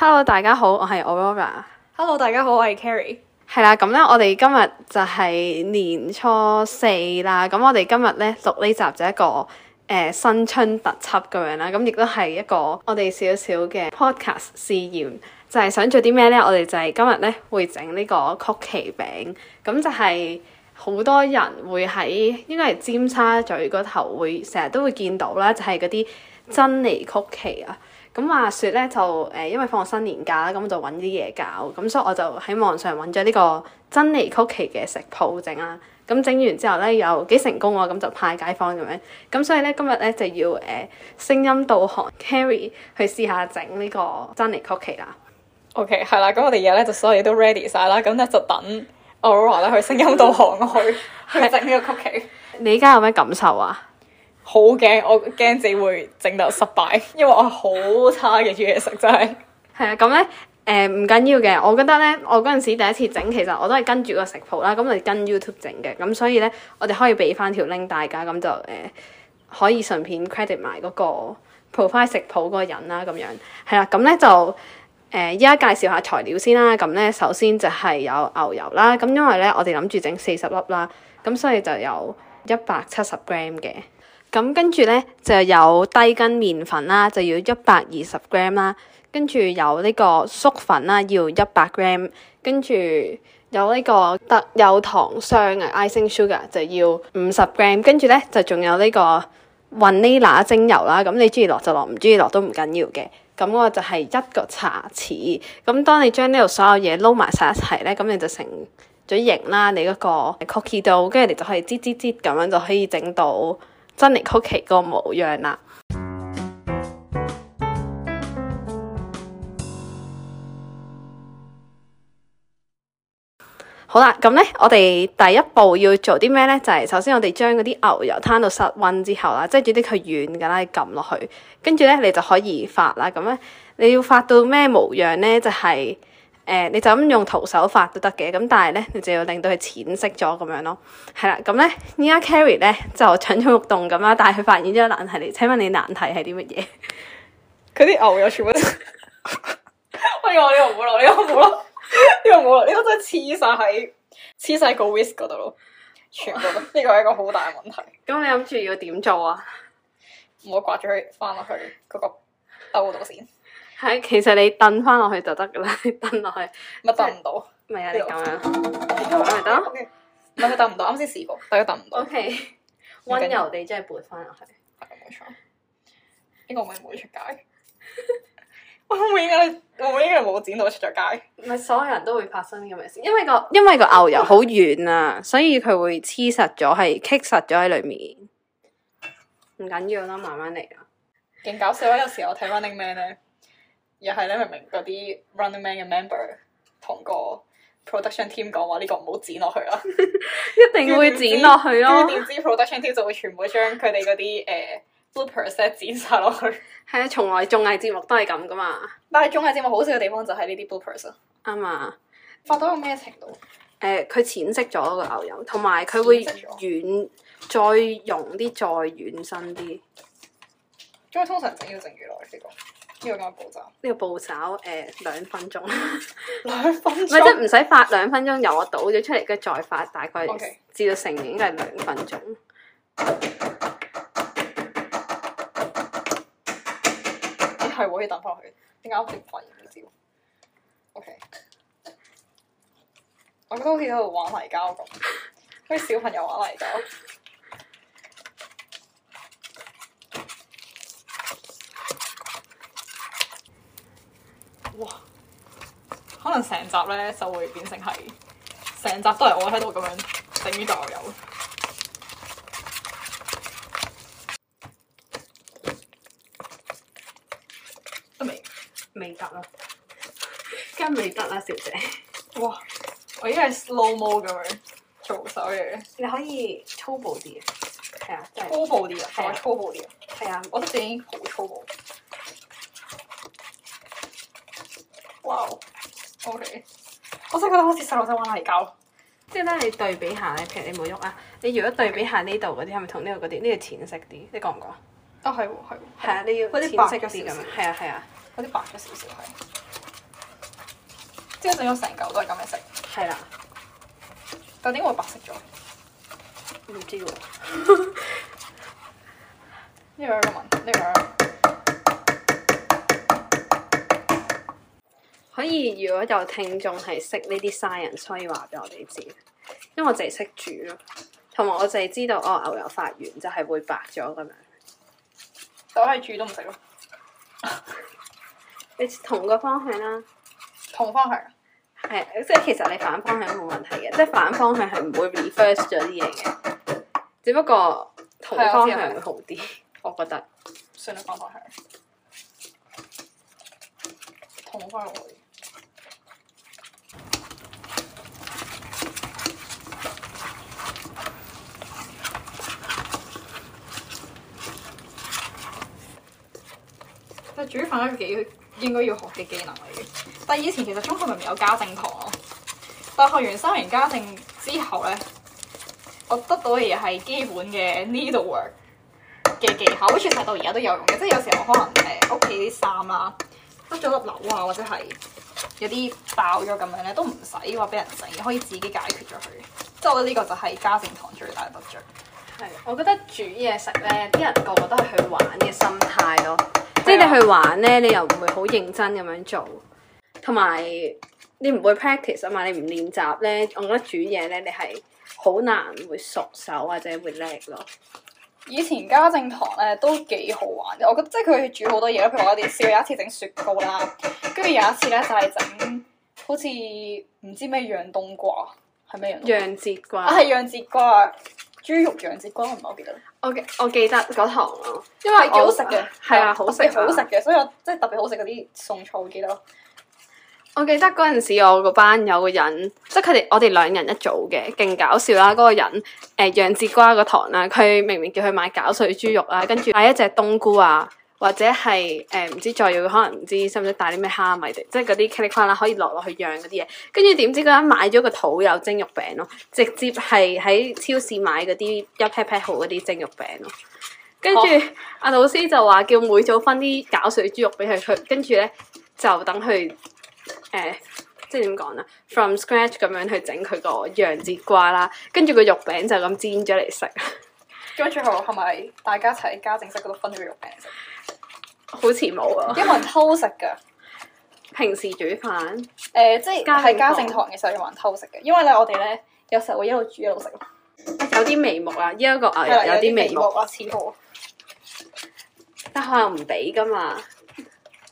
Hello，大家好，我係 Aurora。Hello，大家好，我係 Carrie。係啦，咁咧，我哋今日就係年初四啦。咁我哋今日咧錄呢錄集就一個誒、呃、新春特輯咁樣啦。咁亦都係一個我哋少少嘅 podcast 試驗。就係、是、想做啲咩呢？我哋就係今日咧會整呢個曲奇餅。咁就係好多人會喺應該係尖沙咀嗰頭會成日都會見到啦，就係嗰啲珍妮曲奇啊。咁話說咧，就誒，因為放新年假啦，咁就揾啲嘢搞，咁所以我就喺網上揾咗呢個珍妮曲奇嘅食譜整啦。咁整完之後咧，又幾成功喎，咁就派街坊咁樣。咁所以咧，今日咧就要誒聲、呃、音導航 carry 去試下整呢個珍妮曲奇 okay，啦。OK，係啦，咁我哋嘢咧就所有嘢都，都 ready 晒啦，咁咧就等 Aura 啦去聲音導航去去整呢個曲奇。你而家有咩感受啊？好驚，我驚自己會整到失敗，因為我好差嘅煮嘢食真、 嗯嗯、係。係啊，咁咧誒唔緊要嘅，我覺得咧我嗰陣時第一次整，其實我都係跟住個食譜啦，咁、啊、嚟、嗯、跟 YouTube 整嘅，咁、啊、所以咧我哋可以俾翻條 link 大家，咁就誒可以順便 credit 埋、那、嗰個 profile 食譜嗰個人啦，咁樣係啦，咁咧就誒依家介紹下材料先啦，咁、嗯、咧首先就係有牛油啦，咁、啊嗯、因為咧我哋諗住整四十粒啦，咁所以就有一百七十 gram 嘅。咁跟住呢，就有低筋麵粉啦，就要一百二十 gram 啦。跟住有呢個粟粉啦，要一百 gram。跟住有呢個得有糖霜嘅 icing sugar，就要五十 gram。跟住呢，就仲有呢個雲呢拿精油啦。咁你中意落就落，唔中意落都唔緊要嘅。咁我就係一個茶匙。咁當你將呢度所有嘢撈埋晒一齊呢，咁你就成嘴型啦。你嗰個 cookie dough，跟住你就可以吱吱吱咁樣就可以整到珍妮曲奇個模樣啦！ 好啦，咁呢，我哋第一步要做啲咩呢？就係、是、首先我哋將嗰啲牛油攤到室溫之後啦，即係煮啲佢軟噶啦，你撳落去，跟住呢，你就可以發啦。咁呢，你要發到咩模樣呢？就係、是、～誒、呃，你就咁用徒手法都得嘅，咁但係咧，你就要令到佢淺色咗咁樣咯。係啦，咁咧依家 Carrie 咧就蠢蠢欲動咁啦，但係佢發現咗個難題嚟，請問你難題係啲乜嘢？佢啲牛又全部， 哎呀，呢個冇咯，呢個冇咯，呢個冇咯，呢個真係黐晒喺黐晒個 whisk 嗰度咯，全部都呢個係一個好大嘅問題。咁你諗住要點做啊？唔好掛住佢翻落去嗰個兜度先。係，其實你揼翻落去就得噶啦，揼落去，乜揼唔到？咪係啊，你咁樣，咁樣咪得？咪佢揼唔到？啱先試過，係啊，揼唔到。OK，溫柔地即係撥翻落去，係啊，冇錯。呢個我應該唔會出街。我唔會啊，我應該冇剪到出咗街。唔係，所有人都會發生呢咁嘅事，因為個因為個牛油好軟啊，所以佢會黐實咗，係棘實咗喺裏面。唔緊要啦，慢慢嚟啊。勁搞笑啊！有時我睇 Running Man 咧。又係咧，明明嗰啲 Running Man 嘅 member 同個 production team 講話呢個唔好剪落去啦， 一定會剪落去咯。點知 production team 就會全部將佢哋嗰啲誒 bloopers 剪晒落去。係 啊，從來綜藝節目都係咁噶嘛。但係綜藝節目好笑嘅地方就係呢啲 bloopers 啊。啱啊吧。發到咩程度？誒、呃，佢淺色咗個牛油，同埋佢會軟，再溶啲，再軟身啲。再通常整要整幾耐呢個。呢個咁嘅步驟，呢個步驟誒兩分鐘，兩分鐘，唔係即係唔使發兩分鐘，由我倒咗出嚟，跟住再發，大概 Okay. 至到成年應該係兩分鐘。係喎， 哎、可以等翻去，點解我食粉唔知？O K，我覺得好似喺度玩泥膠咁，好似 小朋友玩泥膠。哇！可能成集咧就會變成係成集都係我喺度咁樣整啲醬油，都未未得啦，梗係未得啦，小姐。哇！我依家係 slow mo 咁樣做手嘢，你可以粗暴啲嘅，係啊，粗暴啲啊，係粗暴啲啊，係啊，我覺得自己已經好粗暴。Okay. 我真係覺得好似細路仔玩泥膠。即係咧，你對比下咧，嗯、譬如你冇喐啊，你如果對比下呢度嗰啲，係咪同呢度嗰啲？呢度淺色啲，你講唔講？啊、哦，係喎，係喎，係啊，你要色白色啲咁係啊，係啊，嗰啲白咗少少係。即係整咗成嚿都係咁嘅色。係啦了。究竟點解會白色咗？唔知喎。呢 位， 呢位。可以，如果有聽眾係識呢啲 science，所以話俾我哋知。因為我凈係識煮咯，同埋我凈係知道哦牛油發完就係、是、會白咗咁樣。就係煮都唔食咯。你 同個方向啦，同方向。係 向，即係其實你反方向都冇問題嘅，即係反方向係唔會 refresh 咗啲嘢嘅。只不過同方向會好啲，我覺得。順方向。同方向煮飯一個幾應該要學嘅技能嚟嘅，但係以前其實中學明明有家政堂，但係學完三年家政之後咧，我得到嘅嘢係基本嘅 needlework 嘅技巧，好似睇到而家都有用嘅，即係有時候可能誒屋企啲衫啊，甩咗粒紐啊或者係有啲爆咗咁樣咧，都唔使話俾人整，可以自己解決咗佢，即係我覺得呢個就係家政堂最大嘅得着。係，我覺得煮嘢食咧，啲人個個都係去玩嘅心態咯，了即係你去玩咧，你又唔會好認真咁樣做，同埋你唔會 practice 啊嘛，你唔練習咧，我覺得煮嘢咧，你係好難會熟手或者會叻咯。以前家政堂咧都幾好玩嘅。我覺得即係佢煮好多嘢，譬如我哋試過有一次整雪糕啦，跟住有一次咧就係整好似唔知咩樣冬瓜，係咩樣？楊節瓜。羊節瓜啊，係楊節瓜。豬肉楊節瓜唔係我，okay，我記得，我我記得嗰堂咯，因為幾好食嘅，係啊的的好食，特別好食嘅，所以我即係特別好食嗰啲餸菜。記得咯。我記得嗰陣時，我個班有個人，即係佢哋我哋兩人一組嘅，勁搞笑啦！嗰、那個人誒楊節瓜嗰堂啊，佢明明叫佢買攪碎豬肉啊，跟住買一隻冬菇啊。或者係誒唔知再要可能唔知使唔使帶啲咩蝦米，即係嗰啲茄哩瓜啦，可以落落去釀嗰啲嘢。跟住點知嗰日買咗個土有蒸肉餅咯，直接係喺超市買嗰啲一 package 好嗰啲蒸肉餅咯。跟住阿老師就話叫每組分啲攪碎豬肉俾佢，跟住咧就等佢誒、呃、即係點講啦，from scratch 咁樣去整佢個洋節瓜啦。跟住個肉餅就咁煎咗嚟食。咁最後係咪大家一齊喺家政室嗰度分咗啲肉餅？好似冇啊，因為人偷食噶。平時煮飯，誒、呃，即係喺家政堂嘅時候有人偷食嘅，因為咧我哋咧有時候會一路煮一路食，有啲眉目啦，一個有啲眉目啊，似乎，啊、好但可能唔俾噶嘛，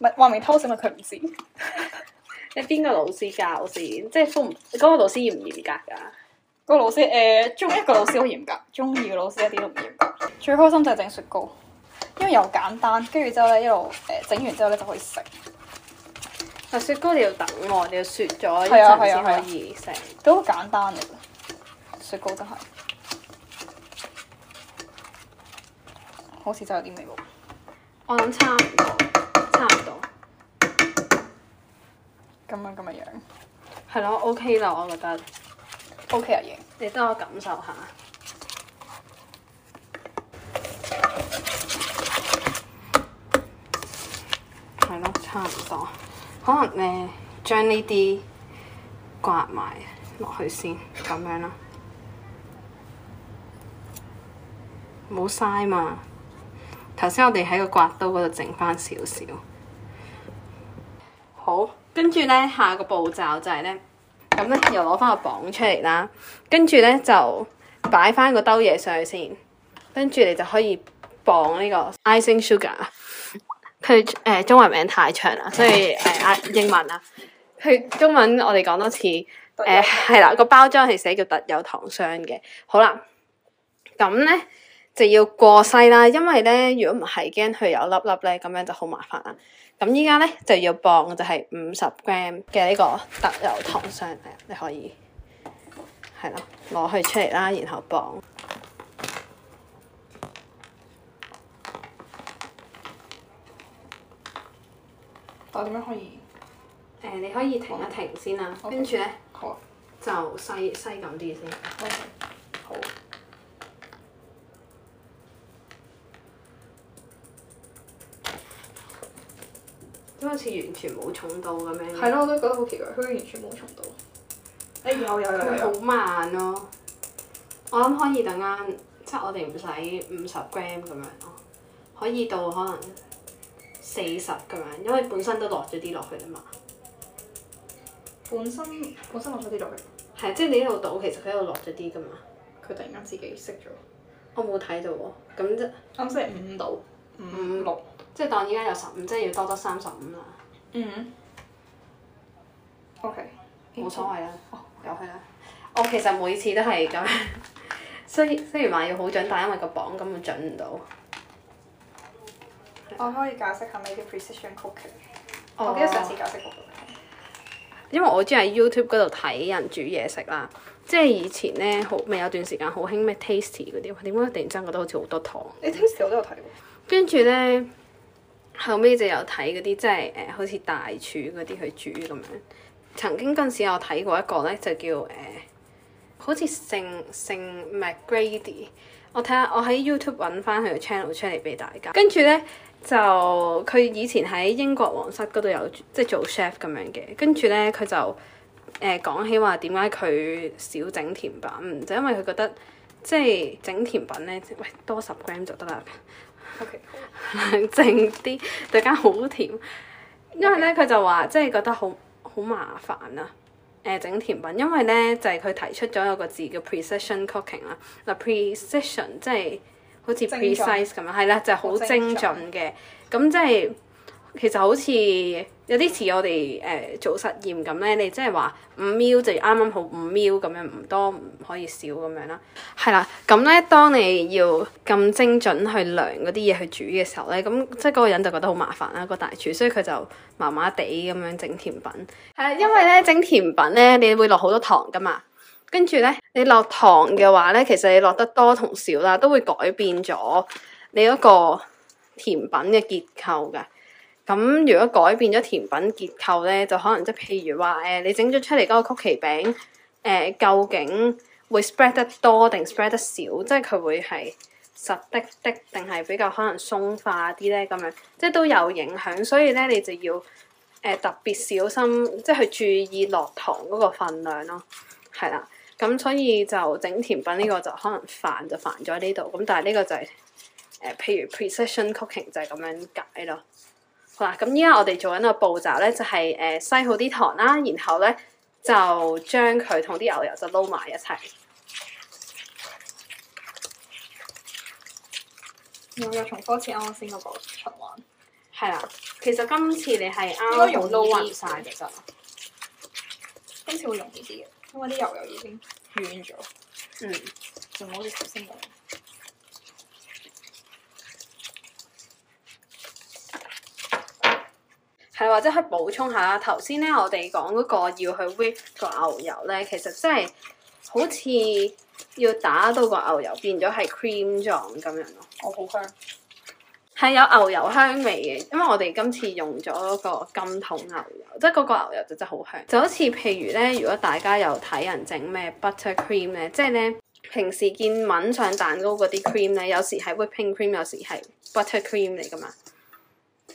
唔話明偷食咪佢唔知， 你邊個老師教先？即係嗰、那個老師嚴唔嚴格噶？嗰個老師誒、呃，中一個老師好嚴格，中二嘅老師一啲都唔嚴格，最開心就係整雪糕。因為又簡單，跟住之後咧一路誒整完之後咧就可以食。雪糕你要等喎，你要雪咗先可以食，啊啊啊。都好簡單嘅，雪糕真係。好似真有啲味道。我諗差唔多，差唔多。咁樣咁嘅樣。係咯，OK 啦，我覺得。OK 嘅，啊，型，你等我感受下。差唔、啊、多，可能咧、呃、將呢啲刮埋落去先，咁樣啦，冇嘥嘛。頭先我哋喺個刮刀嗰度整翻少少，好，跟住呢，下個步驟就係呢。咁呢，又攞翻個磅出嚟啦，跟住呢，就擺翻個兜嘢上去先，跟住你就可以磅呢個 icing sugar。佢誒、呃、中文名太長啦，所以誒阿、呃、英文啊，佢中文我哋講多次誒係、呃有嗯、啦，個包裝係寫叫特有糖霜嘅，好啦，咁咧就要過篩啦，因為咧如果唔係，驚佢有粒粒咧，咁樣就好麻煩啦。咁依家咧就要磅就係五十 gram 嘅呢個特有糖霜，係你可以係咯攞佢出嚟啦，然後磅。我點樣可以？誒、呃，你可以停一停先啦。跟住咧？的就細細咁啲先。因為。似、okay。完全冇重到咁樣。係咯，我都覺得好奇怪，佢完全冇重到。哎、 欸，有有有，有。好慢咯、啊。我諗可以等間即係我哋唔使五十 gram 咁樣咯，可以到可能。四十咁樣，因為本身都落咗啲落去啦嘛，本，本身本身落咗啲落去。係，即係你一度倒，其實佢喺度落咗啲噶嘛。佢突然間自己熄咗。我冇睇到喎，咁即啱先五倒五六。即係當依家有十五，即係要多咗三十五啦。嗯、mm。Hmm. O、okay. K。冇所謂啦。哦，又係啦。我其實每次都係咁樣，雖雖然話要好準，但係、mm hmm. 因為個磅根本準唔到。我可以解釋下咩叫 precision cooking，、oh。我記得上次解釋過。因為我中意喺 YouTube 嗰度睇人煮嘢食啦，即係以前咧好未有段時間好興咩 Tasty 嗰啲，點解突然間覺得好似好多糖？你 Tasty 我都有睇過。跟住咧，後尾就有睇嗰啲即係誒、呃，好似大廚嗰啲去煮咁樣。曾經嗰陣時有睇過一個咧，就叫誒、呃，好似姓姓 McGrady a。我睇下我喺 YouTube 揾翻佢個 channel 出嚟俾大家。跟住咧。就佢以前喺英國皇室嗰度有即係做 chef 咁樣嘅，跟住咧佢就誒、呃、講起話點解佢少整甜品，就是、因為佢覺得即係整甜品咧，喂多十 gram 就得啦，靜啲 Okay. 突然間好甜。因為咧佢 Okay. 就話即係覺得好好麻煩啊，誒、呃、整甜品，因為咧就係、是、佢提出咗有個字叫 precision cooking 啦、啊，嗱 precision 即係。好似 precise 咁準樣，係啦，就係、是、好精準嘅。咁即係其實好似有啲似我哋誒、呃、做實驗咁咧，你即係話五秒就啱啱好五秒咁樣，唔多唔可以少咁樣啦。係啦、嗯，咁咧當你要咁精準去量嗰啲嘢去煮嘅時候咧，咁即係嗰個人就覺得好麻煩啦，個大廚，所以佢就麻麻地咁樣整甜品。係、嗯，因為咧整甜品咧，你會落好多糖㗎嘛。跟住咧，你落糖嘅話咧，其實你落得多同少啦，都會改變咗你嗰個甜品嘅結構㗎。咁如果改變咗甜品結構咧，就可能即係譬如話誒，你整咗出嚟嗰個曲奇餅誒、呃，究竟會 spread 得多定 spread 得少？即係佢會係實的的，定係比較可能鬆化啲咧？咁樣即係都有影響，所以咧你就要誒、呃、特別小心，即係去注意落糖嗰個份量咯，係啦。咁所以就整甜品呢個就可能煩就煩咗呢度，咁但係呢個就係、是、誒，譬、呃、如 precision cooking 就係咁樣解咯。好啦，咁依家我哋做緊個步驟咧，就係誒篩好啲糖啦，然後咧就將佢同啲牛油就撈埋一齊。我又重開始啱啱先嗰個循環，係啦。其實今次你係啱啱用都撈晒就得，今次會用呢啲嘅。因為啲牛油已經軟咗，嗯，就好似頭先咁。係，或者可以補充下頭先咧，我哋講嗰個要去 whip 個牛油咧，其實真係好似要打到個牛油變咗係 cream 狀咁樣咯。我好香。係有牛油香味嘅，因為我哋今次用咗個金桶牛油，即係嗰個牛油就真係好香。就好似譬如咧，如果大家有睇人整咩 butter cream 咧，即係咧平時見揾上蛋糕嗰啲 cream 咧，有時係 whipping cream，有時係 butter cream 嚟㗎嘛。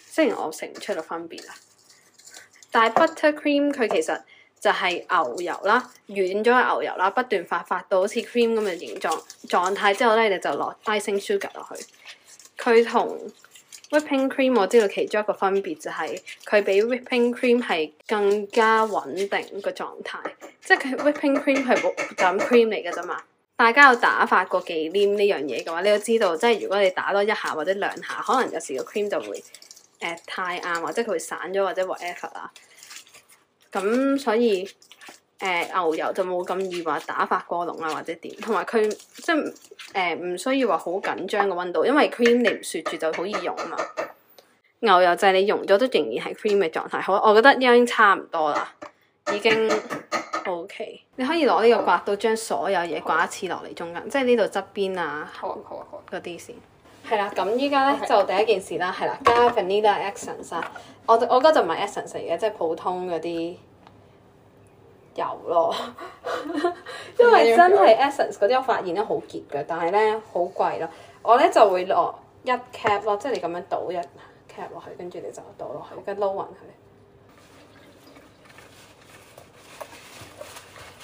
雖然我食唔出到分別啦，但係 butter cream 佢其實就係牛油啦，軟咗嘅牛油啦，不斷發發到好似 cream 咁嘅形狀狀態之後咧，你就落 icing sugar 落去。佢同 whipping cream 我知道其中一個分別就係佢比 whipping cream 係更加穩定個狀態，即係佢 whipping cream 係冇淡 cream 嚟嘅啫嘛。大家有打發過忌廉呢樣嘢嘅話，你都知道，即係如果你打多一下或者兩下，可能有時個 cream 就會誒、呃、太硬或者佢會散咗或者 whatever 啊。咁所以。誒、呃、牛油就冇咁易話打發過籠啊，或者點，同埋佢即係誒唔需要話好緊張個温度，因為 cream 你唔雪住就好易溶啊嘛。牛油就係你溶咗都仍然係 cream 嘅狀態。好，我覺得已經差唔多啦，已經 OK。你可以攞呢個刮刀將所有嘢刮一次落嚟的中間，即係呢度側邊啊，嗰啲先。係啦，咁依家咧就第一件事啦，係啦，加 vanilla essence、啊、我我覺得就唔係 essence 嚟嘅，即係普通嗰啲。有咯，油 因為真係 essence 嗰啲我發現咧好結㗎，但係咧好貴咯。我咧就會落一 cap 咯，即係你咁樣倒一 cap 落去，跟住你就倒落去，跟撈勻佢。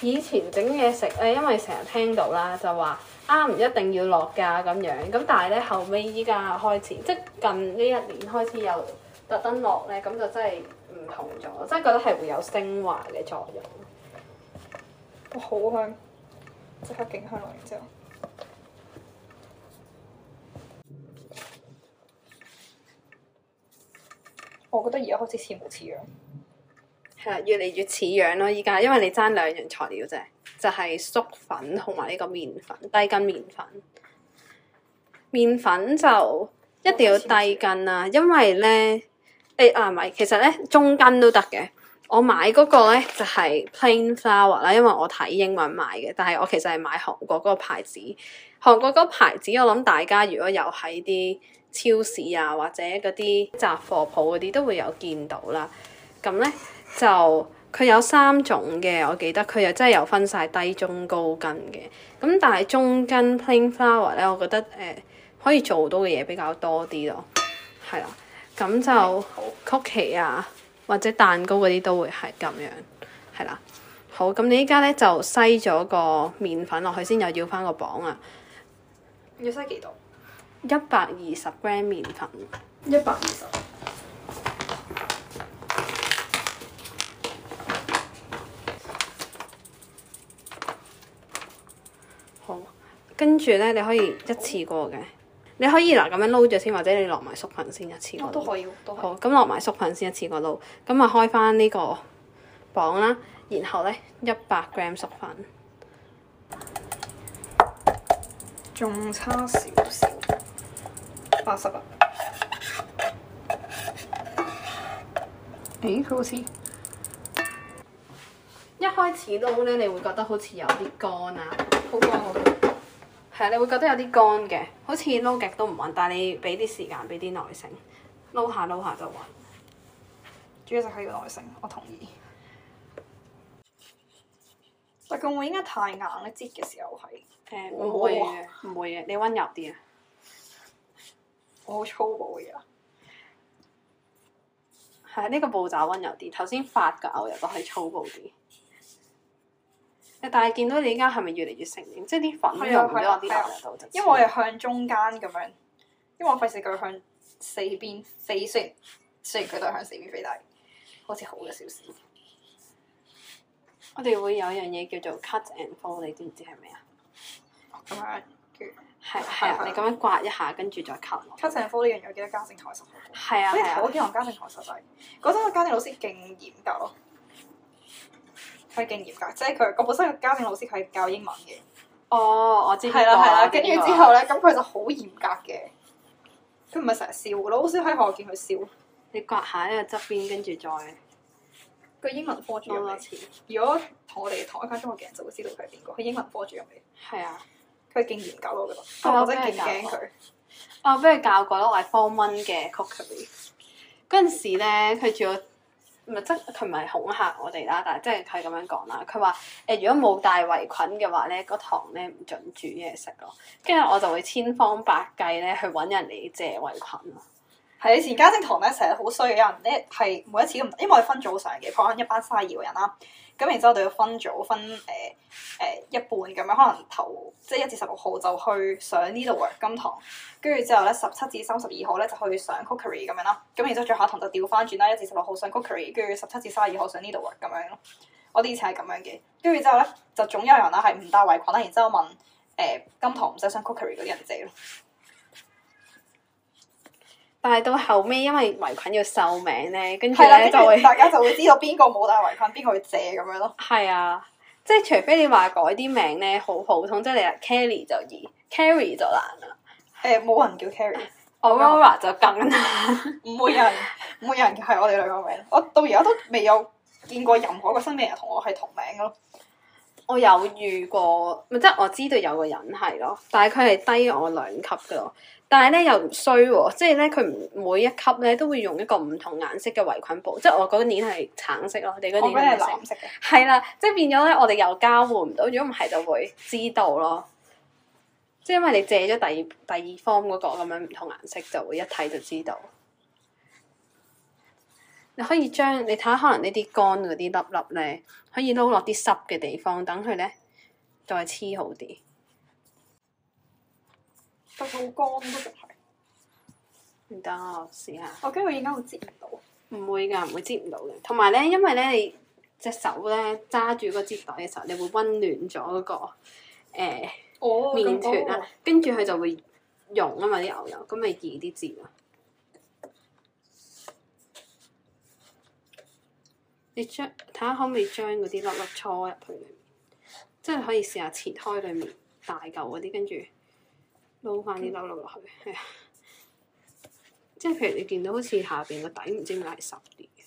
嗯、以前整嘢食咧，因為成日聽到啦，就話啊，唔一定要落㗎咁樣，咁但係咧後尾依家開始，即係近呢一年開始有特登落咧，咁就真係唔同咗，真係覺得係會有升華嘅作用。好香，即刻勁香落嚟！之後，我覺得而家開始似模似樣。係啊，越嚟越似樣咯！依家因為你爭兩樣材料啫，就係、是、粟粉同埋呢個麵粉，低筋麵粉。麵粉就一定要低筋啊，因為咧，誒啊唔係，其實咧中筋都得嘅。我買嗰個咧就係 Plain Flour 啦，因為我睇英文買嘅，但係我其實係買韓國嗰個牌子。韓國嗰個牌子，我諗大家如果有喺啲超市啊或者嗰啲雜貨鋪嗰啲都會有見到啦。咁咧就佢有三種嘅，我記得佢又真係有分晒低、中、高筋嘅。咁但係中筋 Plain Flour 咧，我覺得誒、呃、可以做到嘅嘢比較多啲咯，係啦。咁就好曲奇啊～或者蛋糕嗰啲都會係咁樣，係啦。好，咁你依家咧就篩咗個麵粉落去先，又要翻個磅啊。要篩幾多？一百二十 gram 麵粉。一百二十。好，跟住咧你可以一次過嘅。你可以嗱咁樣撈咗先，或者你落埋熟粉先一次過、哦、都可以，都可以。好，咁落埋熟粉先一次過撈，咁啊開翻呢個磅啦，然後呢，一百 gram 熟粉，仲差少少，八十啦。誒，佢好似一開始撈呢，你會覺得好似有啲乾啊，好乾好乾。係、嗯，你會覺得有啲乾嘅，好似撈極都唔勻。但係你俾啲時間，俾啲耐性，撈下撈下就勻。主要就係耐性，我同意。但個麵應該太硬啦，擠嘅時候係誒唔會嘅，唔哇會嘅，你温柔啲啊！我好粗暴嘅人。係呢、嗯，呢個步驟温柔啲，頭先發嘅牛油都係粗暴啲。但係見到你而家係咪越嚟越成年？即係啲粉又唔到啲度度因為我哋向中間咁樣，因為我費事佢向四邊四邊，雖然雖然佢都向四邊飛大，好似好嘅消息。我哋會有一樣嘢叫做 cut and fold，你知唔知係咩啊？咁樣跟係係啊！對你咁樣刮一下，跟住再 cut 方。cut and fold 呢樣嘢有幾多家政台實習？係啊係啊！我見我家政台實習，嗰陣、啊啊那個家政老師勁嚴格咯。係勁嚴格，即係佢我本身個家政老師佢係教英文嘅。哦，我知係啦係啦，跟住的之後咧，咁佢就好嚴格嘅。佢唔係成日笑嘅，我好少喺學校見佢笑。你刮一下咧側邊，跟住再佢英文科主任多次。如果同我哋同一間中學嘅人就會知道佢係邊個，佢英文科主任嚟。係啊的，佢勁嚴格咯，我覺得。我真係勁驚佢。啊，俾佢教過咯，我係 Form One 嘅 Cookery。嗰陣時咧，佢仲有。唔，即佢唔係恐嚇我哋啦，但係即係佢咁樣講啦。佢話誒，如果冇帶圍裙嘅話咧，嗰堂咧唔準煮嘢食咯。跟住我就會千方百計咧去揾人嚟借圍裙。啊。係以前家政堂咧，成日好衰嘅人咧，係每一次咁，因為我哋分早上嘅，放緊一班卅二個人啦。咁然之後我哋要分組分誒誒、呃呃、一半咁樣，可能頭即係一至十六號就去上呢度 work 金堂，跟住之後咧十七至三十二號咧就去上 cookery 咁樣啦。咁然之後最後堂就調翻轉啦，一至十六號上 cookery 跟住十七至三十二號上呢度 work 咁樣咯。我哋以前係咁樣嘅，跟住之後咧就總有人啦係唔帶圍裙啦，然之後問誒、呃、金堂唔使上 cookery 嗰啲人借咯。但係到後尾，因為圍裙要繡名咧，跟住咧就會 大家就會知道邊個冇帶圍裙，邊個會借咁樣咯。係啊，即係除非你話改啲名咧，好普通，即係你啊 Kerry 就易 Carrie 就難啦。誒、呃，冇人叫 Carrie，Aurora 就更難，唔會有人，唔會有人叫係我哋兩個名。 我到而家都未有見過任何個新名人同我係同名嘅咯。我有遇過，咪即係我知道有個人係咯，但係佢係低我兩級嘅咯。但係咧又唔衰喎，即係咧佢唔每一級咧都會用一個唔同顏色嘅圍裙布，即係我嗰年係橙色咯，你嗰年係藍色嘅，係啦，即係變咗咧，我哋又交換唔到，如果唔係就會知道咯。即係因為你借咗第二第二方嗰個咁樣唔同顏色，就會一睇就知道。你可以將你睇下可能呢啲乾嗰啲粒粒咧，可以撈落啲濕嘅地方，等佢咧再黐好啲。都好乾都仲係，唔得，我試下。我驚佢而家會擠唔到。唔會㗎，唔會擠唔到嘅。同埋咧，因為咧，你隻手咧揸住個擠袋嘅時候，你會温暖咗嗰、嗰個、呃哦、麵團啦，跟住佢就會溶啊嘛啲牛油，咁咪易啲擠啊。你將睇下可唔可以將嗰啲粒粒搓入去裏面，即係可以試下切開裡面大嚿嗰啲，跟住。撈翻啲粒粒落去，係啊！即係譬如你見到好似下邊個底唔知點解係濕啲嘅。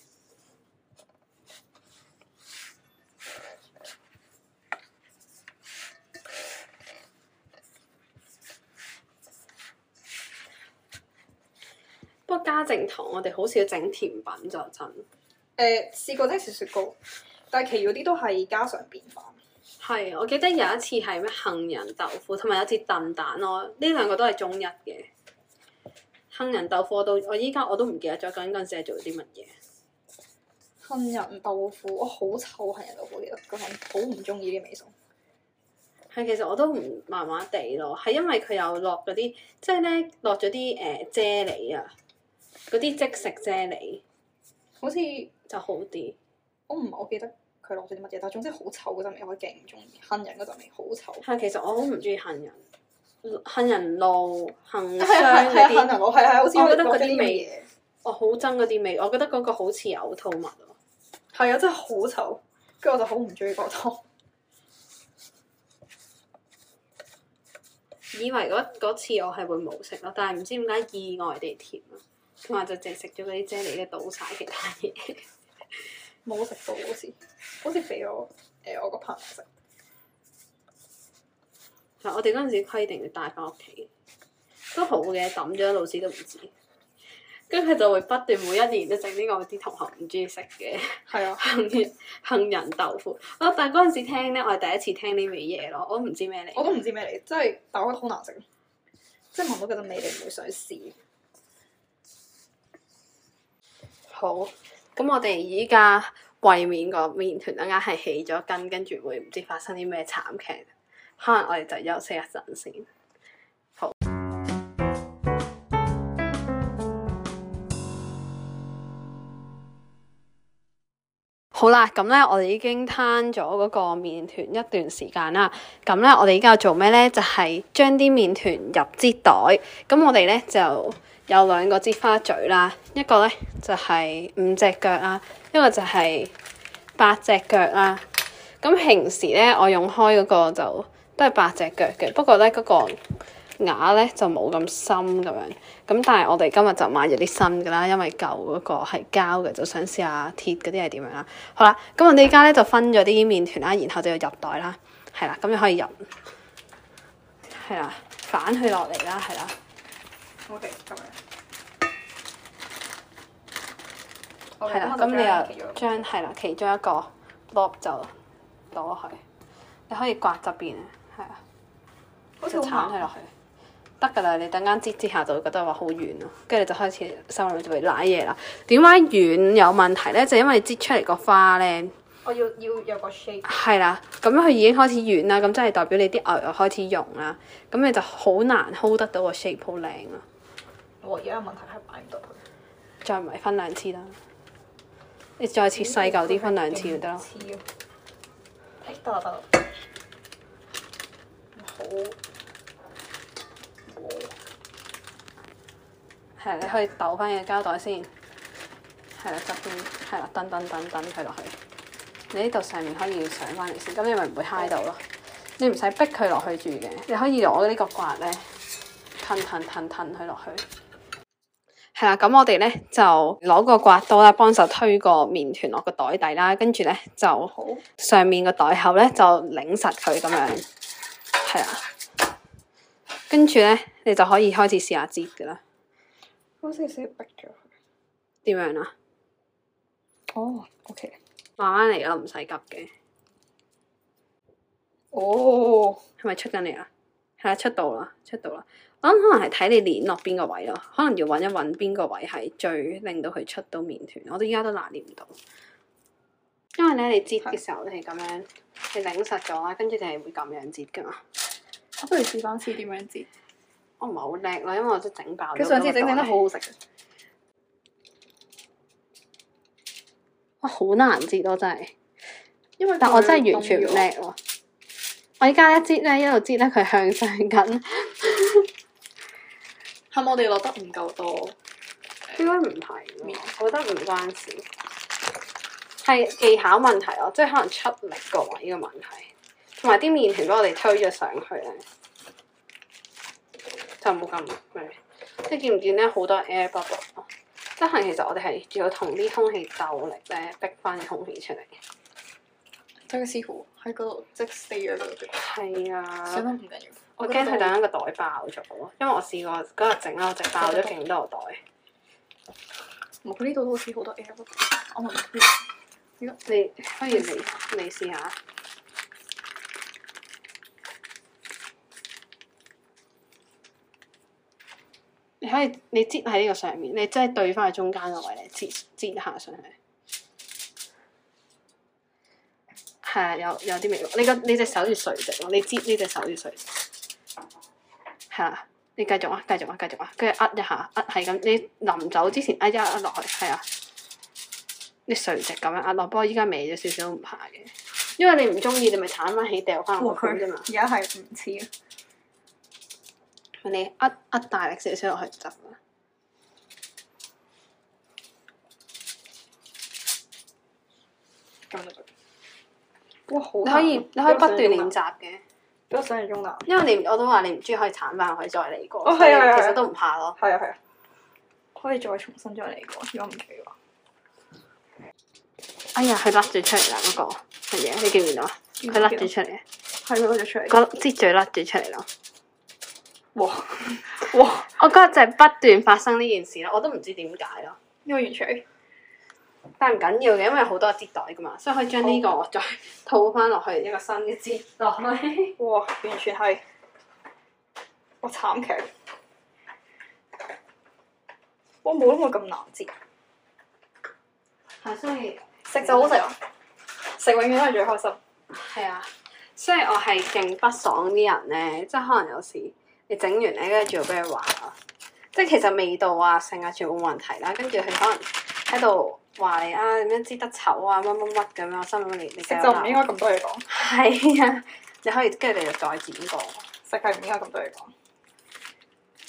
不過家政堂我哋好少整甜品，就真。誒，試過啲小雪，雪糕，但係其餘嗰啲都係家常便飯。係，我記得有一次係咩杏仁豆腐，同埋有次燉蛋咯。呢兩個都係中一嘅。杏仁豆腐到我依家我都唔記得咗，究竟嗰陣時係做咗啲乜嘢。杏仁豆腐，我、哦、好臭，杏仁豆腐，其實佢係好唔中意啲味素。係，其實我都唔麻麻地咯，係因為佢又落嗰啲，即係咧落咗啲誒啫喱啊，嗰啲即食啫喱，好似就好啲。我唔，我記得。佢落咗啲乜嘢？但係總之好臭嗰陣味，我勁唔中意。杏仁嗰陣味好臭。但其實我好唔中意杏仁。杏仁露、杏霜啲，係杏仁露，係係好似我覺得嗰啲味，我好憎嗰啲味。我覺得嗰個好似嘔吐物。係啊、嗯，真係好臭。跟住我就好唔中意嗰湯。以為嗰次我係會冇食咯，但係唔知點解意外地甜咯。同埋 就淨食咗嗰啲啫喱咧，倒曬其他嘢。冇食到好似，好似肥咗。誒我個、呃、朋友食。其實我哋嗰陣時規定要帶翻屋企，都好嘅抌咗，老師都唔知。跟住佢就會不斷每一年都整呢、呢個、我啲同學唔中意食嘅，係啊，杏仁杏仁豆腐。我、哦、但係嗰陣時聽咧，我係第一次聽呢味嘢咯，我都唔知咩嚟。我都唔知咩嚟，真係但我覺得好難食，即係我都覺得味就唔會想試。嗯、好。咁我哋依家餛麵個麵團等下係起咗筋，跟住會唔知發生啲咩慘劇，可能我哋就休息一陣先。好啦，咁咧我哋已經攤咗嗰個麵團一段時間啦。咁咧我哋依家做咩咧？就係、是、將啲麵團入支袋。咁我哋咧就。有兩個支花嘴啦，一個咧就係、係、五隻腳啦，一個就係八隻腳啦。咁平時咧，我用開嗰個就都係八隻腳嘅，不過咧嗰、那個牙咧就冇咁深咁樣。咁但係我哋今日就買咗啲新㗎啦，因為舊嗰個係膠嘅，就想試下鐵嗰啲係點樣啦。好啦，咁我哋而家咧就分咗啲麵團啦，然後就要入袋啦，係啦，咁就可以入，係啦，反佢落嚟啦，係啦。係啦，咁、那個、你又將係啦，其中一個 lop 就攞去，你可以刮側邊，係啊，好似鏟起落去得噶啦。你等間擠擠下刺刺就會覺得話好軟咯，跟住你就開始手裏面就會舐嘢啦。點解軟有問題咧？就是、因為擠出嚟個花咧，我要要有個 shape。係啦，咁佢已經開始軟啦，咁即係代表你啲牛油開始溶啦，咁你就好難 hold 得到個 shape 好靚咯。我而家個問題係擺唔到。再唔係分兩次啦，你再切細嚿啲，分兩次就得咯。得好。係，你可以抖翻個膠袋先。係啦，側邊係啦，墩墩墩等佢落去。你呢度上面可以上翻嚟先，咁你咪唔會揩到咯。你唔使逼佢落去住嘅，你可以攞呢個刮咧，騰騰騰騰佢落去。係啦，咁我哋咧就攞個刮刀啦，幫手推個麵糰落個袋底啦，跟住咧就好，上面個袋口咧就擰實佢咁樣，係啊，跟住咧你就可以開始試下折噶啦。好似少擘咗。點樣啊？哦，oh，OK，慢慢嚟啦，唔使急嘅。哦，係咪出緊嚟啊？係啊，oh，出到啦，出到啦。可能係睇你捏落邊個位咯，可能要揾一揾邊個位係最令到佢出到麵團。我哋依家都拿捏唔到，因為咧你折嘅時候是你係咁樣，你擰實咗啦，跟住就係會咁樣折噶嘛。我試我不如試講次點樣折？我唔係好叻咯，因為我都整爆咗。佢上次整整得好好食嘅。哇，好難折咯，啊，真係。因為但我真係完全唔叻咯。我依家咧折咧一路折咧，佢向上緊。 係我哋落得唔夠多，應該唔係，我覺得唔關事，係技巧問題咯，即係可能出力個位嘅問題，同埋啲麵團幫我哋推咗上去咧，就冇咁，即係見唔見咧好多 air bubble？即係其實我哋係要同啲空氣鬥力咧，逼翻啲空氣出嚟。張師傅喺嗰度即飛咗度，係啊，少得唔緊要。我驚佢第一個袋爆咗，因為我試過嗰日整啦，我整爆咗勁多個袋。佢呢度都好似好多 L 咯，我唔知。你可以試下。你可以你折喺呢個上面，你真係對翻去中間個位嚟折折下上去。係啊，有有啲味喎。你個你隻手要垂直咯，你折呢隻手要垂直。係啦，你繼續啊，繼續啊，繼續啊，跟住壓一下，壓，係咁。你臨走之前壓一壓落去，係啊，你垂直咁樣壓落。不過依家微咗少少都唔怕嘅，因為你唔中意，你咪彈翻起掉翻落去啫嘛。而家係唔似。你壓，壓大力少少落去就得啦。咁啊，你可以你可以不斷練習嘅。如果想嚟中立，因為你我都話你唔中意可以慘翻，可以再嚟過。哦，係啊，係啊，其實都唔怕咯。係啊，係啊，係啊，可以再重新再嚟過。如果唔奇嘅話，哎呀，佢甩住出嚟啦，嗰個乜嘢啊？你見唔見到啊？佢甩住出嚟，係甩咗出嚟。嗰啲嘴甩住出嚟咯。哇哇！我今日就係不斷發生呢件事咯，我都唔知點解咯。因為完出嚟。但唔緊要嘅，因為好多折袋㗎嘛，所以可以將呢個再套翻落去 一個新嘅支落去。 哇！完全係我慘劇，我冇諗過咁難折。係、啊，所以食就好食，食永遠都係最開心。係 啊，雖然我係勁不爽啲人咧，即係可能有時你整完咧，跟住仲要俾佢話啊，即係其實味道啊、性質全冇問題啦，跟住佢可能喺度。話你啊，點樣知得醜啊？乜乜乜咁樣，我心諗你你繼續打。就唔應該咁多嘢講。係 啊，你可以跟住你嚟再剪過。食界唔應該咁多嘢講。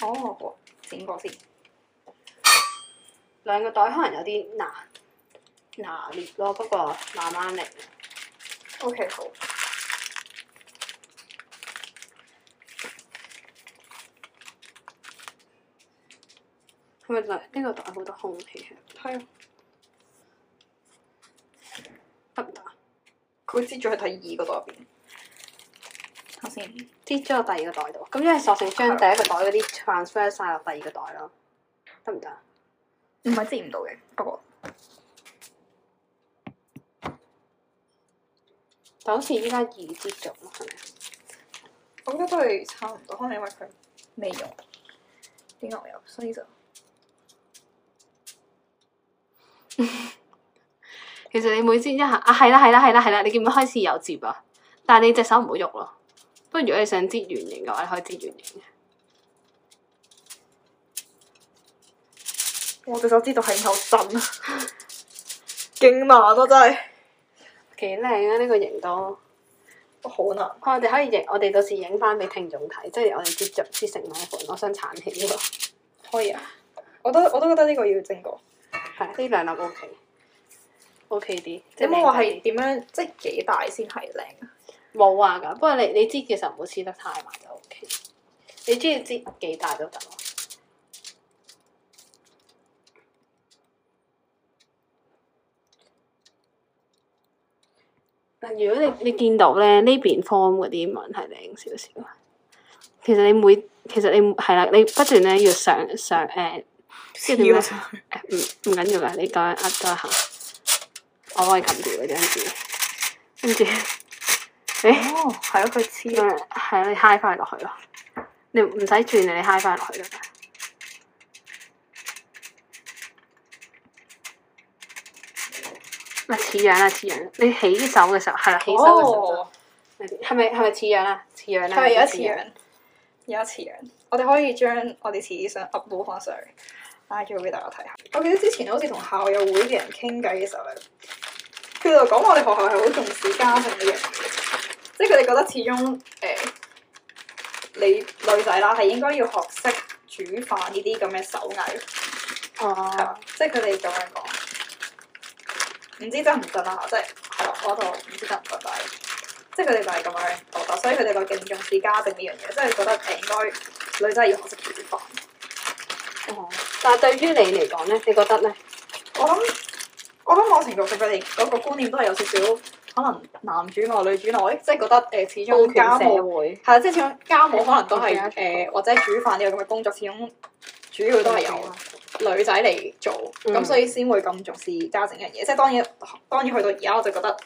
哦，我過剪過先。兩個袋可能有啲難拿捏咯，不過慢慢嚟。OK，好。係咪就呢個袋好多空氣？係。 我擠住去第二個袋入邊，頭先擠咗第二個袋度，咁才因為索性將第一個袋嗰啲 transfer 晒落第二個袋咯，得唔得？唔係擠唔到嘅，不過、嗯那個、就好似依家二接咗，係啊，我覺得都係差唔多，可能因為佢未用，點解我有？衰咗？ 其實你每剪一下，啊係啦係啦係啦係啦，啦，你見唔見開始有折啊？但係你隻手唔好喐咯。不過如果你想剪圓形嘅話，你可以剪圓形嘅。我隻手知道係好震 的啊，勁難啊真係。幾靚啊呢個型都，都好難。啊、我哋可以影，我哋到時影翻俾聽眾睇，即係我哋接續接成兩盤。我想鏟起呢個，可以啊？我都我都覺得呢個要整過，係呢兩粒 O、OK、K。O K 啲，咁我係點樣即係幾大先係靚？冇話噶，不過你你知其實唔好黐得太埋就 OK。你中意知幾大都得。嗱，如果你你見到咧呢邊方嗰啲紋係靚少少，其實你每其實你係啦，你不斷咧要上上誒，唔唔緊要啦、 啊，你講啊，一下。我可以撳住嗰陣時，跟住，欸、哦，係咯，佢黐，係啊，你 high 翻落去咯，你唔使轉你你 high 翻落去啦。咪似樣啦，似樣。你起手嘅時候係啦，起手嘅時候，係咪係咪似樣啊？似樣啦。係咪有一似樣？有一似樣。樣我哋可以將我哋上 upload 翻上，I G 俾大家睇下。我、哦、記得之前好似同校友會嘅人傾偈嘅時候佢就講：我哋學校係好重視家庭嘅嘢，即係佢哋覺得始終誒、欸、你女仔啦，係應該要學識煮飯呢啲咁嘅手藝，係嘛、啊？即係佢哋咁樣講，唔知得唔得啦，即係係咯，度、那個，唔知得唔得啦，即係佢哋就係咁樣講，所以佢哋就勁重視家庭呢樣嘢，即係覺得誒應該女仔要學識煮飯。哦、啊，但係對於你嚟講咧，你覺得咧？我諗。我覺得某程度上佢哋嗰個觀念都係有少少，可能男主外、女主內，即係覺得誒始終。顧家社會係啊，即係始終家務可能都係誒，或者煮飯呢個咁嘅工作，始終主要都係由女仔嚟做，咁、嗯、所以先會咁重視家政嘅嘢。即係當然，當然去到而家我就覺得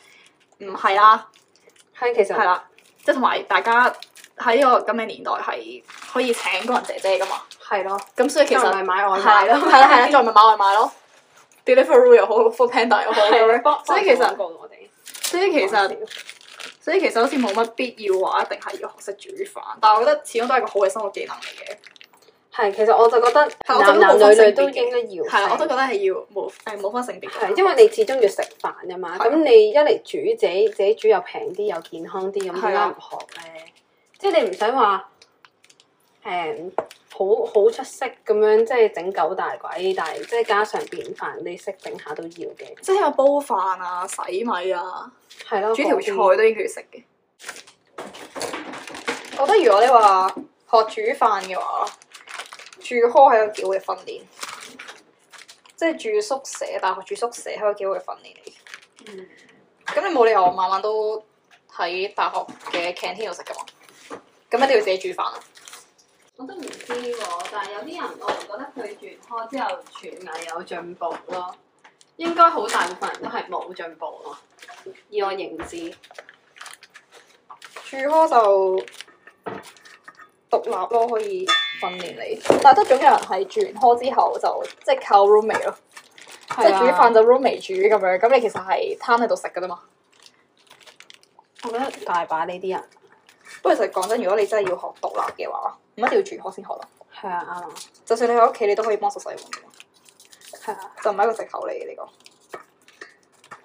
唔係啦，係其實係啦，即係同埋大家喺呢個咁嘅年代係可以請個人姐姐㗎嘛，係咯，咁所以其實係咯，係啦係啦，再咪買外賣咯。Deliveroo 又好，for panda 又好，好的所以其實，我所以其實，所以其實好似冇乜必要話一定係要學識煮飯，但我覺得始終都係一個好嘅生活技能嚟嘅。係，其實我就覺得，覺得男男女女都應該要，係啦，我都覺得係要冇誒冇分性別，因為你始終要食飯啊嘛。咁的你一嚟煮自己自己煮又平啲又健康啲，咁點解唔學咧？的的即係你唔使話，誒、um。好好出色咁樣，即係整九大簋，但係即係家常便飯，你識整下都要嘅。即係有煲飯啊、洗米啊，係咯，煮條菜都應佢食嘅。嗯、我覺得如果你話學煮飯嘅話，住校係一個幾好嘅訓練。即係住宿舍，大學住宿舍係一個幾好嘅訓練嚟嘅。咁、嗯、你冇理由我晚晚都喺大學嘅 canteen 度食㗎嘛？咁一定要自己煮飯啊！我都唔知喎，但係有啲人我唔覺得佢住完科之後廚藝有進步咯，應該好大部分人都係冇進步咯，以我認知。住科就獨立咯，可以訓練你。但係都總有人係住完科之後就即係靠 roommate 咯，啊、即係煮飯就 roommate 煮咁樣，咁你其實係攤喺度食噶啫嘛。我覺得大把呢啲人。不過其實講真，如果你真係要學獨立嘅話，唔一定要住好先學咯。係啊，啱，就算你喺屋企，你都可以幫手洗碗。係啊，就唔係一個借口嚟嘅呢個，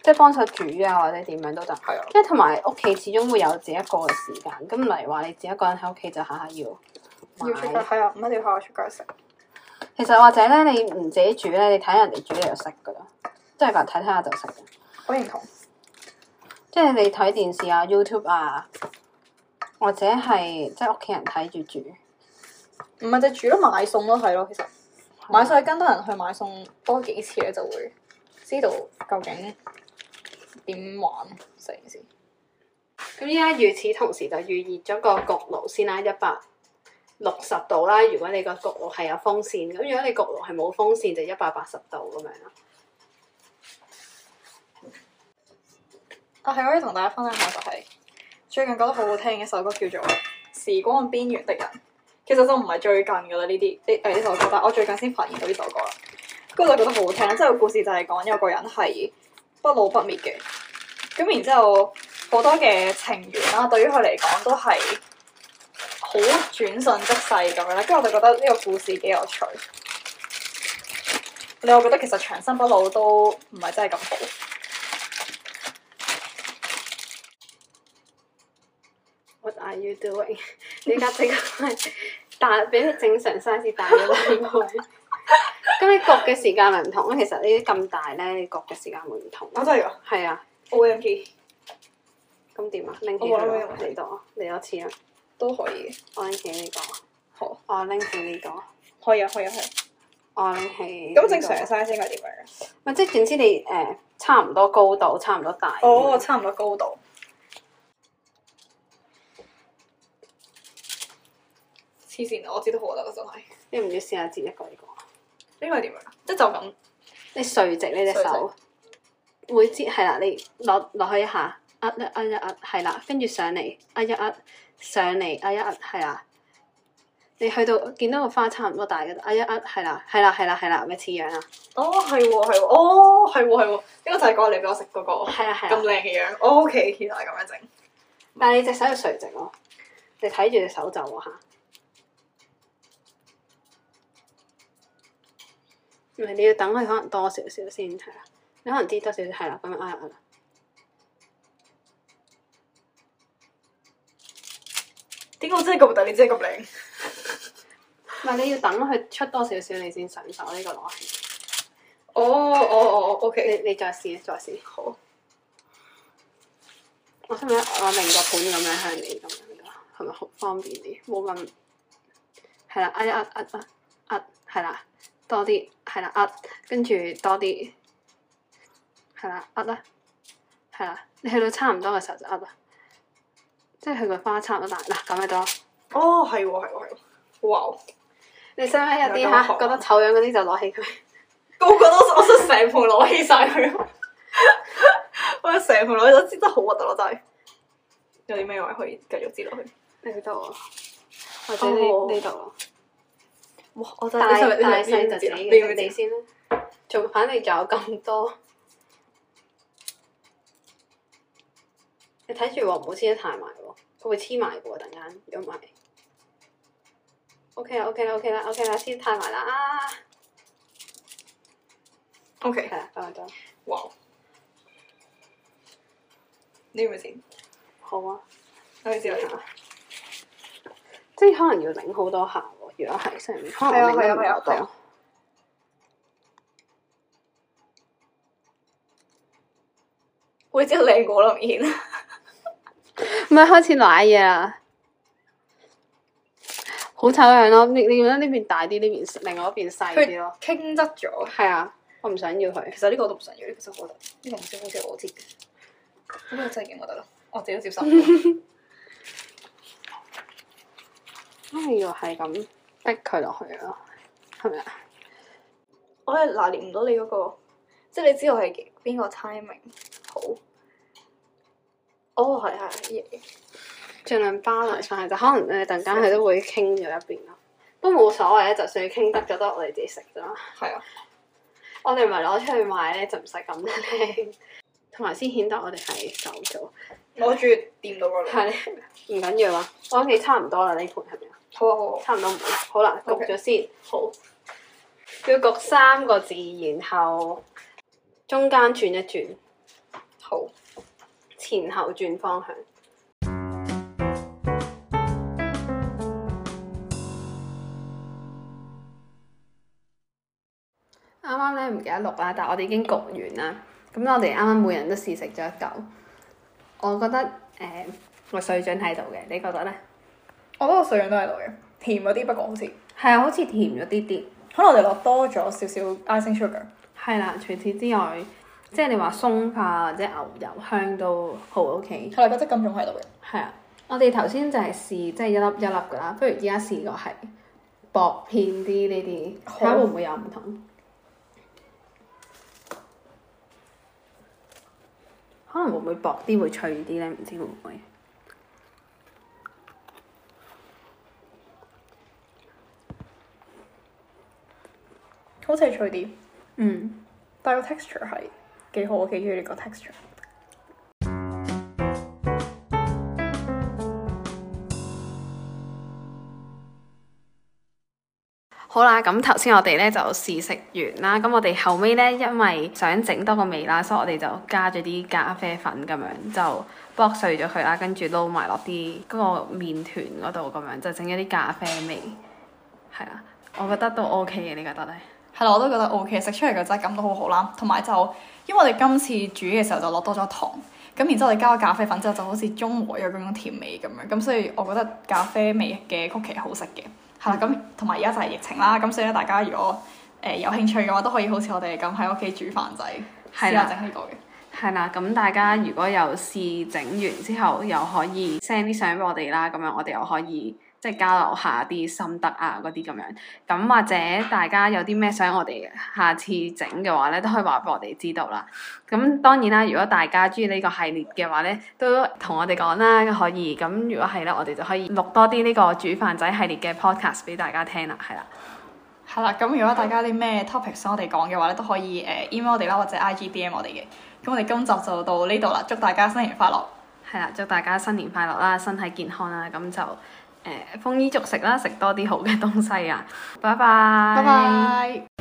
即係幫手煮啊或者點樣都得。係啊，即係同埋屋企始終會有自己一個嘅時間。咁例如話你自己一個人喺屋企就下下要，要出街。係啊！唔一定要出街食。其實或者咧，你唔自己煮咧，你睇人哋煮你就食噶啦，即係話睇睇下就食。是。好認同，即係你睇電視啊、YouTube 啊，或者係即係屋企人睇住煮。唔係就煮咯，買餸咯係咯。其實買餸，更多人去買餸多幾次咧，就會知道究竟點玩成件事。咁依家與此同時就預熱咗個焗爐先啦，一百六十度啦。如果你個焗爐係有風扇，咁如果你焗爐係冇風扇，就一百八十度咁樣啦。啊，係可以同大家分享下，就係最近覺得好好聽嘅一首歌，叫做《時光邊緣的人》。其實都唔係最近噶啦呢啲，呢誒呢首歌，但係我，我最近先發現到呢首歌啦，跟住就覺得好好聽。即係個故事就係講有個人係不老不滅嘅，咁然之後好多嘅情緣啦，對於佢嚟講都係好轉瞬即逝咁樣啦。跟住我就覺得呢個故事幾有趣。你又覺得其實長生不老都唔係真係咁好？What are you doing? 你架真係大， 比正常 size 大咗兩個。咁 你焗嘅時間咪唔同咯。其實呢啲咁大咧，你焗嘅時間會唔同。啊，真係㗎！係啊，O M G。咁點啊？拎住嚟多啊，嚟多次啊，都可以。O M G 呢個好。我拎住呢個，開入開入去。可以啊、可以我拎起咁、這個、正常 size 應該點樣？咪、嗯、即係總之你誒、呃、差唔多高度，差唔多大。哦，oh, 差唔多高度。 黐線啦！我知都好核突，真係你唔要試下剪一個呢個？呢個係點樣？即係就咁、是。你垂直呢隻手，直每支係啦。你落攞去一下，壓一壓一壓，係啦。跟住上嚟，壓一壓上嚟，壓一壓係啦。你去到見到個花差唔多大嘅，壓一壓係啦，係啦，係啦，係啦，咩似樣啊？哦，係喎、啊，係喎、啊，哦、啊，係喎，呢個就係講嚟俾我食嗰、嗰個，係啊，係啊，咁靚嘅樣。O K，原來係咁樣整，但係你隻手要垂直咯，你睇住隻手就喎。唔係你要等佢可能多少少先係啦，你可能啲多少少係啦，咁樣壓壓。一點解我真係咁等？你真係咁靚？唔係 你要等佢出多少少你先上手呢個攞。哦哦哦，OK, okay. 你。你你再試再試，好。啊、是是我睇下我明個盤咁樣向你咁樣噶，係咪好方便啲？冇咁係啦，壓一壓壓壓壓係啦。多啲，係啦，壓，跟住多啲，係啦，壓啦，係啦，你去到差唔多嘅時候就壓啦，即係佢個花差唔多大嗱，咁咪多。哦，係喎，哦，係喎，哦，係喎、哦，哇、wow.！你識唔識啲嚇覺得醜樣嗰啲就攞起佢，個 個都我想成盤攞起晒佢。我成盤攞咗，知得好核突咯真係。有啲咩話可以繼續接落去？你呢度或者呢呢度。Oh. 哇！大大細就死佢哋先啦，仲反正仲有咁多，你睇住喎，唔好黐得太埋喎，佢會黐埋嘅喎，突然間如果唔係。OK 啦，OK 啦，OK 啦，OK 啦、okay，黐得太埋啦啊！OK，得得得，哇！呢個先，好啊，開始下，即係可能要領好多下。如果係，真係啊，能啊，嗰邊有得，會真係靚過啦面，唔係開始賴嘢啦，好醜樣咯！你你覺得呢邊大啲，呢邊另外一邊細啲咯？傾側咗，係啊對，我唔想要佢。其實呢個我都唔想要，呢、呢個、呢個、真係我得，呢兩隻好似我貼，呢個真嘅我得咯，我自己小心。哎呀， 係 咁、啊。逼佢落去咯，係咪啊？我係拿捏唔到你嗰、那個，即係你知道係邊個 timing 好。哦、oh, yes, yeah.，係係的，盡量 balance 翻就可能咧，突然間佢都會傾咗一邊咯。都冇所謂咧，就算傾得咗，得，我哋自己食啫嘛。係啊的， 我哋唔係攞出去賣咧，就唔使咁傾，同埋先顯得我哋係手做，攞住掂到個。係，唔緊要啊，我諗你差唔多啦，呢盤係咪？好，差唔多唔好啦，Okay. 焗咗先。好，要焗三個字，然後中間轉一轉。好，前後轉方向。啱啱咧唔記得錄啦，但係我哋已經焗完啦。咁我哋啱啱每人都試食咗一嚿。我覺得誒個水準喺度嘅，你覺得咧？我嗰個水樣都喺度嘅，甜嗰啲不過好似係啊，好似甜咗啲啲，可能我哋落多咗少少 icing sugar。係啦，除此之外，即係你話鬆化或者牛油香都好 OK。係啦，我覺得咁種喺度嘅。係啊，我哋頭先就係試即係、就是、一粒一粒噶啦，不如而家試個係薄片啲呢啲，睇下好會唔會有唔同？ 可能會唔會薄啲會脆啲咧？唔知會唔會？好清脆啲，嗯，但係個 texture 係幾好，我幾中意呢個 texture。好啦，咁頭先我哋咧就試食完啦，咁我哋後尾咧因為想整多個味啦，所以我哋就加咗啲咖啡粉咁樣，就剝碎咗佢啦，跟住撈埋落啲嗰個麵團嗰度咁樣，就整一啲咖啡味，係啦，我覺得都 OK 嘅，你覺得咧？係啦，我都覺得 OK，食出嚟個質感都好好啦。同埋就，因為我哋今次煮嘅時候就落多咗糖，咁然之後我哋加咗咖啡粉之後，就好似中和有咁種甜味咁樣。咁所以，我覺得咖啡味嘅曲奇好食嘅。係啦，咁同埋而家就係疫情啦，咁所以咧，大家如果誒、呃、有興趣嘅話，都可以好似我哋咁喺屋企煮飯仔，係啦、試整呢個嘅。係啦，咁大家如果有試整完之後，又可以 send 啲相俾我哋啦。咁樣我哋又可以。即係交流下啲心得啊，嗰啲咁樣。咁或者大家有啲咩想我哋下次整嘅話咧，都可以話俾我哋知道啦。咁當然啦，如果大家中意呢個系列嘅話咧，都同我哋講啦，可以。咁如果係咧，我哋就可以錄多啲呢個煮飯仔系列嘅 podcast 俾大家聽啦，係啦。係啦，咁如果大家啲咩 topics 想我哋講嘅話咧，都可以誒 email、呃、我哋啦，或者 IGDM 我哋嘅。咁我哋今集就到呢度啦，祝大家新年快樂。係啦，祝大家新年快樂啦，身體健康啦，咁、嗯、就～誒，呃，豐衣足食啦，食多啲好嘅東西啊！拜拜 bye，拜拜。